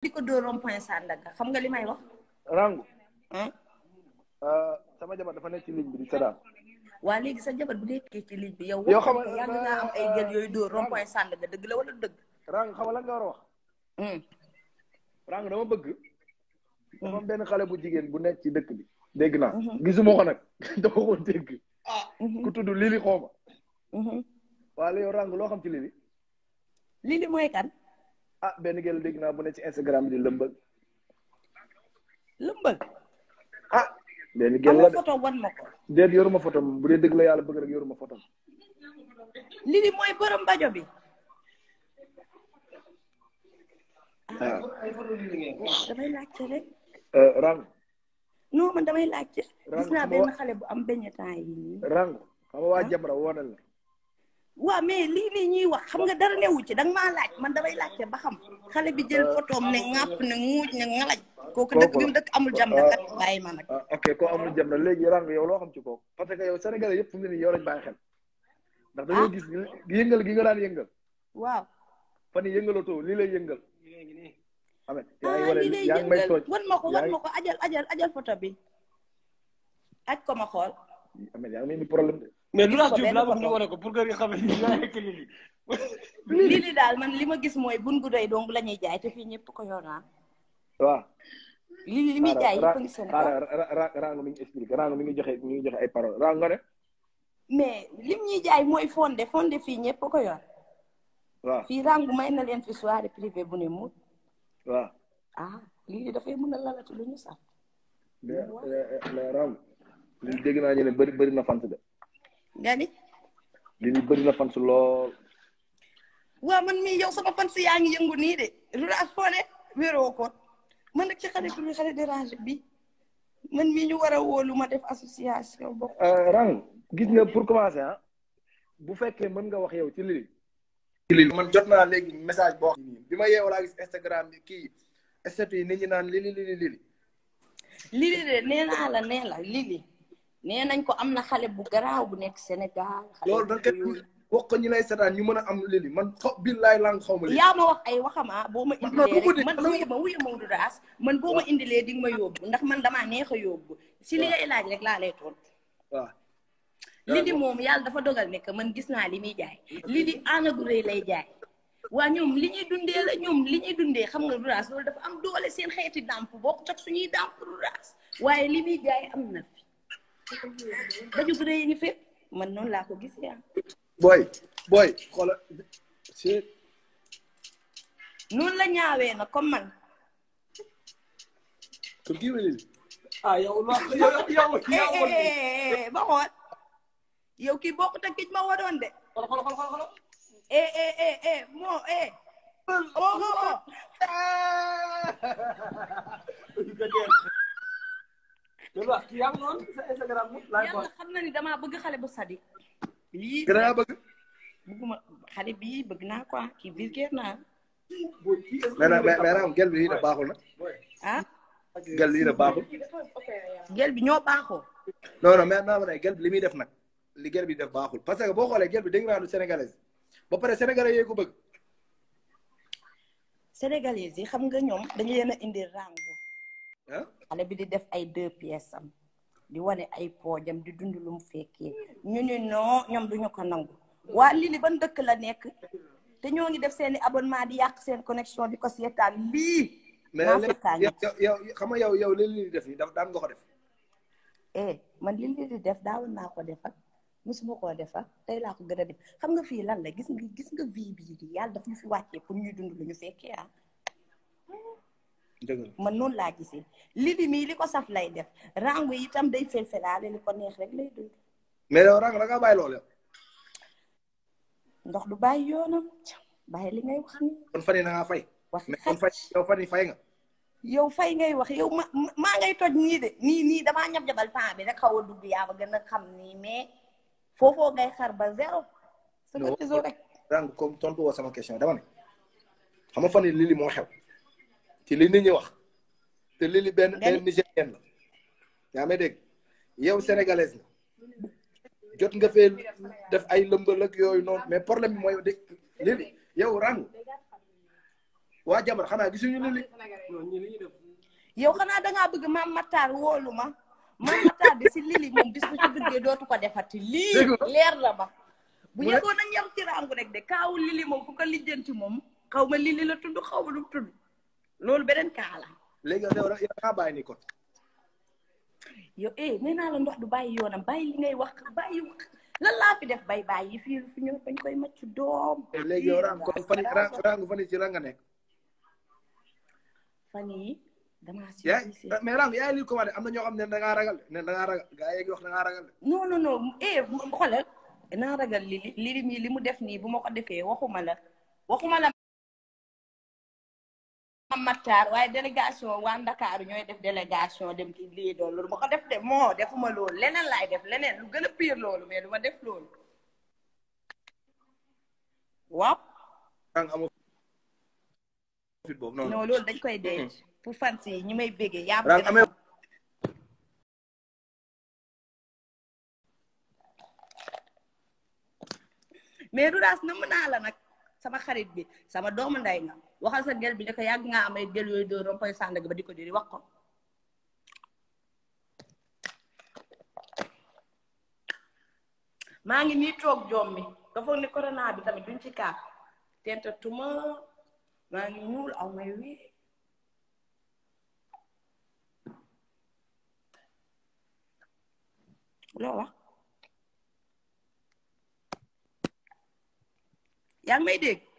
di ko dóor rond-point Sandaga xam nga li may wax. rangu. Euh, sama jabar dafa nekk ci ligne bi di seddaan. waa léegi sa jabar bu nekkee ci ligne bi yow. yow xam nga yàgg naa am ay gel yooyu dóor rond dëgg la wala dëgg. rangu xam nga nga war a wax. Hmm. rangu dama bëgg. dafa benn xale bu jigéen bu nekk ci dëkk bi. dégg naa hmm. gisuma ko nag dama ko hmm. ku tudd Lili xooma. waa yow rangu loo xam ci Lili. Lili mooy kan. ah benn gel dégg naa bu ne ci Instagram di lëmbal. lëmbal. ah. benn gel la de photo wan ma ko. bu dee dëgg la yàlla bëgg rek yoruma photo. lii di mooy borom ah. Ah. damay laajte rek. Euh, rang. non man damay laajte. Rang am benn temps xam waa ah. Jamra woo na waa mais lii nii ñuy wax xam nga dara newu ci danga maa laaj man damay laajte ba xam xale bi jël photoom ne ŋàpp ne ŋuuj ne ŋalaj kooku dëkk dëkk amul jàmm ma nag ah, ok koo amul léegi rang yow loo xam ci kooku parce que yow sénégalais yëpp fu mu ne nii yow lañ xel ndax dañoo ah. gis yëngal gi nga daan yëngal waaw fan yi yëngalatoo lii lay yëngal amet yaa ngi ah, may tooj wan ma ko wan ma ko ajal ajal ajal photo bi aj ko ma xool mais lu tax ko pour que nga xam ne daal man li ma gis mooy bun gu doy dong lañuy ñuy jaay te fii ñëpp ko yor naa. waaw. lili li muy jaay yëpp ay parole Rango nga ne. mais lim ñuy jaay mooy fondé fondé fii ñëpp ko yor. waaw fii Rango may na leen fi soirée privée bu ne mu. waaw. ah lili dafay mën a lalatu lu ñu sax. mais mais Rango. naa ñu ne bëri na fant de. nga ni. li li bëri na fan su lool. waaw man mii yow sama fan yaa ngi yëngu nii de rurale foo ne wéroo ko man nag ci xale bu ñu xale dérange bi man mii ñu war a wóolu ma def association bokk. Euh, Rang gis nga pour commencer ah, bu fekkee mën nga wax yow ci lii. ci lii man jot naa léegi message boo xam ne bi ma yeewoo laa gis Instagram bi kii statut yi nit ñi naan lili lili lili. lili de nee naa lili. nee nañ ko am na xale bu garaaw bu nekk Sénégal. loolu da nga wax ko ñu lay seetaan ñu mën a am lili man xaw billaay laa nga xaw ma. yaa ma wax ay waxama ah, boo ma. indilee rek man wuyu ma wuyu Maodo man boo ma indilee di nga ma yóbbu ndax man damaa neex a yóbbu. si li laaj rek laa lay tontu. waaw. moom yàlla dafa dogal ne man gis naa li muy jaay. lili aana gu rëy lay jaay. waa ñoom li ñuy dundee la ñoom li ñuy dundee xam nga Dudas loolu dafa am doole seen xeeti dàmp bokk ak suñuy dàmp Dudas waaye li muy jaay am na daju bu rëy ngi fépp man noonu laa ko gis yaa booy booy xoola si noonu la ñaawee na comme man ko kii wéli ah yow la yow eh, eh, eh, ba xool yow kii bokkut ak kii ma waroon de xolo xolo xolo xolo eh eh eh eh moo eh oh oh oh yàlla xam na ni damaa bëgg xale bu sadik lii gën a bëgg bëgguma xale bii bëgg naa quoi kii vulgaire naa mais mais raam gel bi lii baaxul na ah gel lii da baaxul gel bi ñoo baaxoo mais naa ma ne li muy def nag li gel bi def baaxul parce que boo xoolee gel bi dégg naa du sénégalaise ba pare sénégalais yee ko bëgg sénégalais yi xam nga ñoom dañu leen a indi rang xale bi di def ay deux pièces di wane ay poojam di dund lu mu fekkee ñu ne non ñoom duñu ko nangu waa Lili ban dëkk la nekk te ñoo ngi def seen i abonnement di yàq seen connexion di ko seetaan lii. mais yow xam nga yow yow li def nii daan nga ko def. eh man li Lili def daawoon naa ko def ak mosuma koo def ak tey laa ko gën a def xam nga fii lan la gis nga gis nga vie bii di yàlla daf ñu fi wàccee pour ñuy dund lu ñu fekkee ah. man noonu laa gisee li mii li ko saf lay def rango yi itam day felfelaale li ko neex rek lay dund. mais yow rango da ngaa bàyyi ndox du bàyyi yoonam bàyyi li ngay wax ni kon fan fay. mais ngay wax yow ma maa toj nii de nii nii damaa ñab jabal temps bi rek xaw a dugg yaa ma gën a xam nii mais foofoo ngay xar ba zéro. sa ko rek rango comme tontu woo sama question dama ne xam fan yi xew. ci li nit ñi wax te lili benn benn nigérienne la yaa dégg yow sénégalaise la jot nga fee def ay lëmbal ak yooyu noonu mais problème bi mooy de lili yow rangu waa xana di gisuñu lili yow xanaa da ngaa bëgg maam Matar wóolu ma maam Matar bi si lili moom bis bu ci duggee dootu ko defati lii leer la bu yëgoon a ñam ci rangu rek de kaawu lili moom ku ko lijjanti moom xaw ma lili la tudd xaw ma lu tudd loolu beneen kaa la. léegi yow yow yaa bàyyi ni kon. yow eh nee naa la ndox du bàyyi yoonam bàyyi li ngay wax bàyyi wax fi def bay bàyyi fii fi ñëw dañ koy macc doom. Eh, léegi yow rang kon fan rang fan ci rang nga nekk. fan yii damaa si. Eh, mais rang yaa ngi lii commandé am na ñoo xam ne da ragal ne da ngaa ragal gaa yi wax da ngaa ragal. non non non eh xoolal naa ragal li li mu def nii bu ma ko defee waxuma waxuma la Matar waaye délégation waa ñooy def délégation dem ci lii doon loolu ma ko def de moo defuma loolu leneen laay def leneen lu gën a pire loolu mais du def loolu waaw. non loolu dañ koy denc mm-hmm. pour fans ñi may béggee yaa amee mais du daas na mën naa la nag sama xarit bi sama doomu nday nga waxal sa gel bi ne ko yàgg ngaa am ay gel yooyu doo rompoy Sandaga ba di ko diri wax ko maa ngi nii toog joom mi nga foog ne corona bi tamit duñ ci tenta tuma maa ngi ñuul aw may wii loo wax yaa ngi may dégg